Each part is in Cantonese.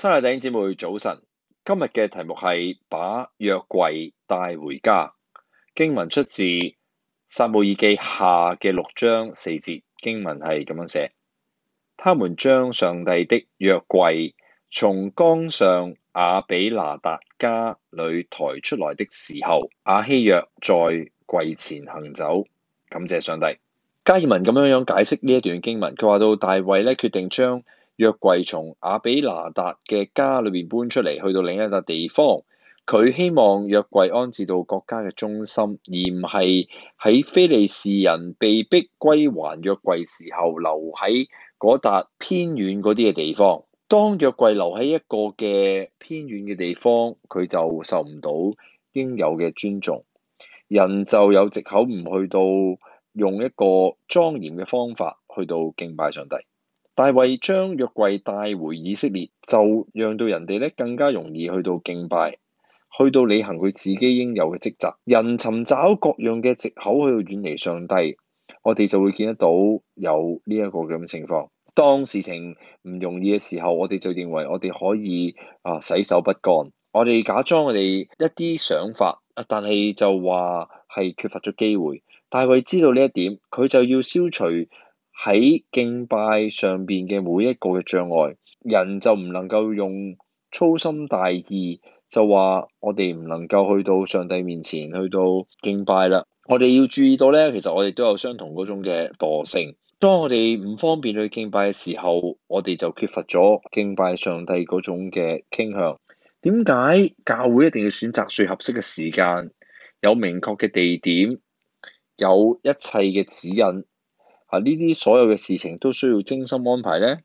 親愛弟兄姊妹早晨，今日嘅題目係把約櫃帶回家。經文出自撒母耳記下嘅六章四節，經文係咁樣寫：他們將上帝的約櫃從江上亞比拿達家裏抬出來的時候，亞希約在櫃前行走，感謝上帝。加爾文咁樣樣解釋呢一段經文，佢話到大衛呢決定將約櫃從亞比拿達嘅家裏面搬出嚟，去到另一笪地方。佢希望約櫃安置到國家嘅中心，而唔係喺非利士人被逼歸還約櫃時候留喺嗰笪偏遠嗰啲嘅地方。當約櫃留喺一個嘅偏遠嘅地方，佢就受唔到應有嘅尊重，人就有借口唔去到用一個莊嚴嘅方法去到敬拜上帝。大衛將約櫃帶回以色列，就讓到人哋咧更加容易去到敬拜，去到履行佢自己應有嘅職責。人尋找各樣嘅藉口去到遠離上帝，我哋就會見得到有呢一個咁嘅情況。當事情唔容易嘅時候，我哋就認為我哋可以啊，洗手不幹，我哋假裝我哋一啲想法，但係就話係缺乏咗機會。大衛知道呢一點，佢就要消除喺敬拜上邊嘅每一個嘅障礙，人就唔能夠用粗心大意就話我哋唔能夠去到上帝面前去到敬拜啦。我哋要注意到呢，其實我哋都有相同嗰種嘅惰性。當我哋唔方便去敬拜嘅時候，我哋就缺乏咗敬拜上帝嗰種嘅傾向。點解？教會一定要選擇最合適嘅時間，有明確嘅地點，有一切嘅指引？啊！呢啲所有嘅事情都需要精心安排呢，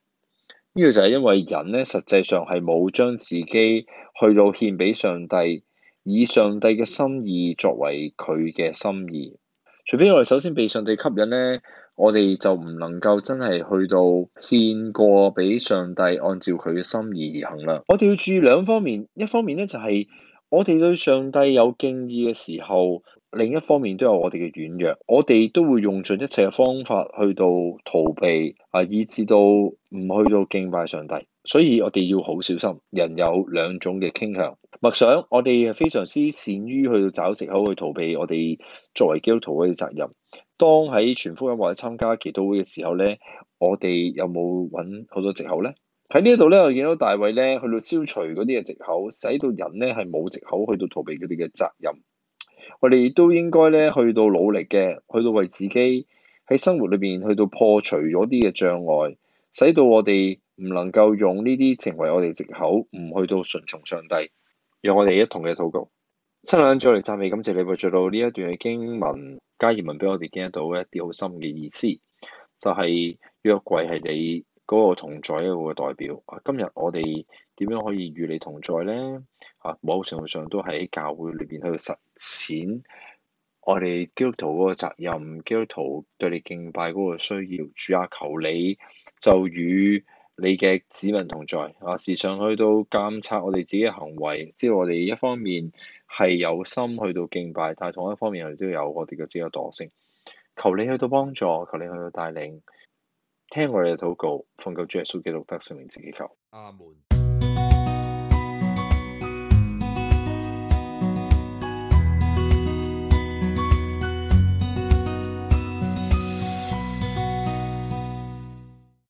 呢個就係因為人呢，實際上係冇將自己去到獻俾上帝，以上帝嘅心意作為佢嘅心意。除非我哋首先被上帝吸引呢，我哋就唔能夠真係去到獻過俾上帝，按照佢嘅心意而行啦。我哋要注意兩方面，一方面呢，就係、是。我哋對上帝有敬意嘅時候，另一方面都有我哋嘅軟弱，我哋都會用盡一切嘅方法去到逃避，啊，以至到唔去到敬拜上帝。所以我哋要好小心。人有兩種嘅傾向，默想我哋係非常之善於去到找藉口去逃避我哋作為基督徒嘅責任。當喺傳福音或者參加祈禱會嘅時候呢，我哋有冇揾好多藉口呢？喺呢度咧，我見到大衛咧去到消除嗰啲嘅藉口，使到人咧係冇藉口去到逃避佢哋嘅責任。我哋都應該咧去到努力嘅，去到為自己喺生活裏邊去到破除咗啲嘅障礙，使到我哋唔能夠用呢啲成為我哋藉口，唔去到順從上帝。讓我哋一同嘅禱告。親愛嘅主，我哋讚美感謝你，為著到呢一段嘅經文加言文，俾我哋見得到一啲好深嘅意思，就係約櫃係你。嗰個同在嘅一個代表，今日我哋點樣可以與你同在咧？啊，某程度上都喺教會裏邊去實踐我哋基督徒嗰個責任，基督徒對你敬拜嗰個需要，主啊求你就與你嘅子民同在。啊，時常去到監察我哋自己嘅行為，即係我哋一方面係有心去到敬拜，但係同一方面我哋都有我哋嘅惰性。求你去到幫助，求你去到帶領。聽我哋嘅禱告，奉救主耶穌基督得勝明自己求阿門。啊